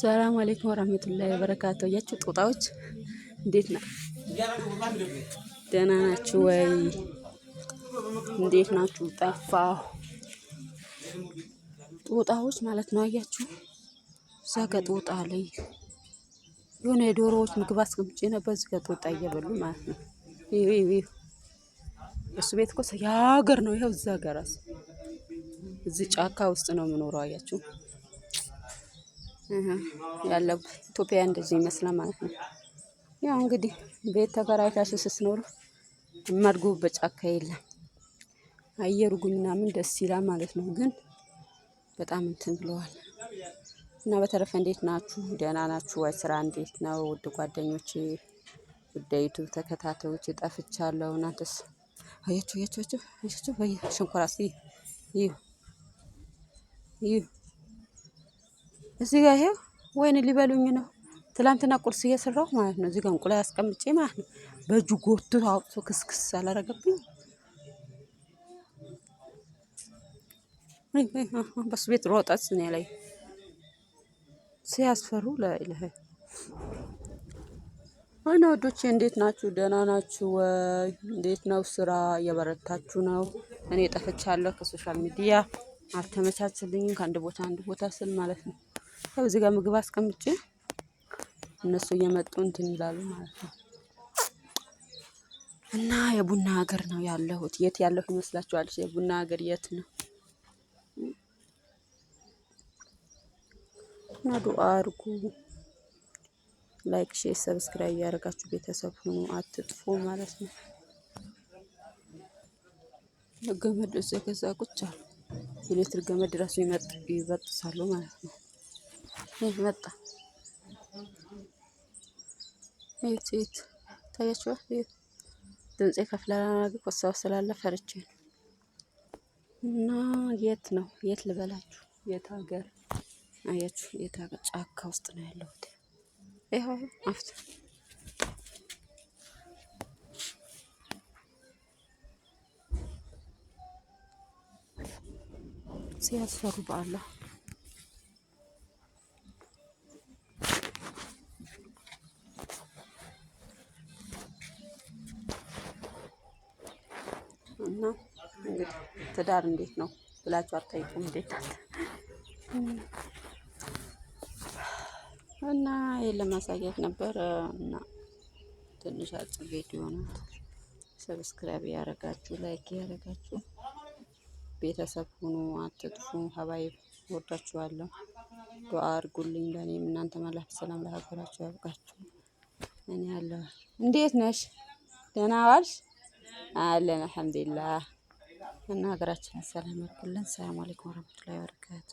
ሰላም አለይኩም ወራህመቱላሂ ወበረካቱ። ያችሁ ጦጣዎች እንዴት ነው? ደህና ናችሁ ወይ? እንዴት ናችሁ? ጠፋሁ። ጦጣዎች ማለት ነው። አያችሁ እዛ ጋ ጦጣ ላይ የሆነ የዶሮዎች ምግብ አስቀምጬ ነበር። እዚህ ጋ ጦጣ እየበሉ ማለት ነው። እሱ ቤት እኮ የሀገር ነው። ይኸው እዛ ጋር እዚህ ጫካ ውስጥ ነው የምኖረው። አያችሁ ያለው ኢትዮጵያ እንደዚህ ይመስላል ማለት ነው። ያው እንግዲህ ቤት ተከራይታችሁ ስትኖሩ የማድጉበት ጫካ የለም። አየሩ ግን ምናምን ደስ ይላል ማለት ነው። ግን በጣም እንትን ብለዋል እና በተረፈ እንዴት ናችሁ? ደህና ናችሁ ወይ? ስራ እንዴት ነው? ውድ ጓደኞቼ፣ ውድ ዩቱብ ተከታታዮች ጠፍቻለሁ። እናንተስ አያችሁ? አያችሁ? አያችሁ? አያችሁ? ሽንኮራ ይሁ ይሁ እዚህ ጋር ይሄው ወይን ሊበሉኝ ነው። ትላንትና ቁርስ እየሰራሁ ማለት ነው። እዚህ ጋር እንቁላል አስቀምጬ ማለት ነው። በእጁ ጎትቶ አውጥቶ ክስክስ አላረገብኝ። በሱ ቤት ሮጠት እኔ ላይ ሲያስፈሩ ለይልህ አይና ወዶቼ እንዴት ናችሁ? ደህና ናችሁ ወይ? እንዴት ነው ስራ? እየበረታችሁ ነው? እኔ ጠፍቻለሁ ከሶሻል ሚዲያ አልተመቻችልኝም። ከአንድ ቦታ አንድ ቦታ ስል ማለት ነው። ያው እዚህ ጋር ምግብ አስቀምጬ እነሱ እየመጡ እንትን ይላሉ ማለት ነው። እና የቡና ሀገር ነው ያለሁት። የት ያለሁ ይመስላችኋል? የቡና ሀገር የት ነው? እና ዱአ አድርጉ፣ ላይክ፣ ሼር፣ ሰብስክራይብ እያደረጋችሁ ቤተሰብ ሁኑ፣ አትጥፉ ማለት ነው። ገመድ እዚህ ከዛ ቁጭ አሉ። ገመድ ራሱ ይበጥሳሉ ማለት ነው። ይህ መጣ ይት ይት ታያችኋል። ስላለ ፈርቼ ነው። እና የት ነው የት ልበላችሁ፣ የት ሀገር አያችሁ፣ የት ሀገር ጫካ ውስጥ ነው ያለሁት። ይኸው ሲያስፈሩ በአላህ እና እንግዲህ ትዳር እንዴት ነው ብላችሁ አታይቁም። እንዴት ናት እና ይሄን ለማሳየት ነበር እና ትንሽ አጭር ቪዲዮ ናት። ሰብስክራይብ ያረጋችሁ፣ ላይክ ያረጋችሁ ቤተሰብ ሁኑ፣ አትጥፉ። ሀባይ ወዳችኋለሁ። ዱአ አድርጉልኝ ለእኔም እናንተ መላህ ሰላም ለሀገራችሁ ያብቃችሁ። እኔ ያለሁ እንዴት ነሽ? ደህና ዋልሽ? አለን አልሐምዱሊላህ። እና ሀገራችንን ሰላም ያርግልን። ሰላም አለይኩም ወረህመቱላሂ ወበረካቱ።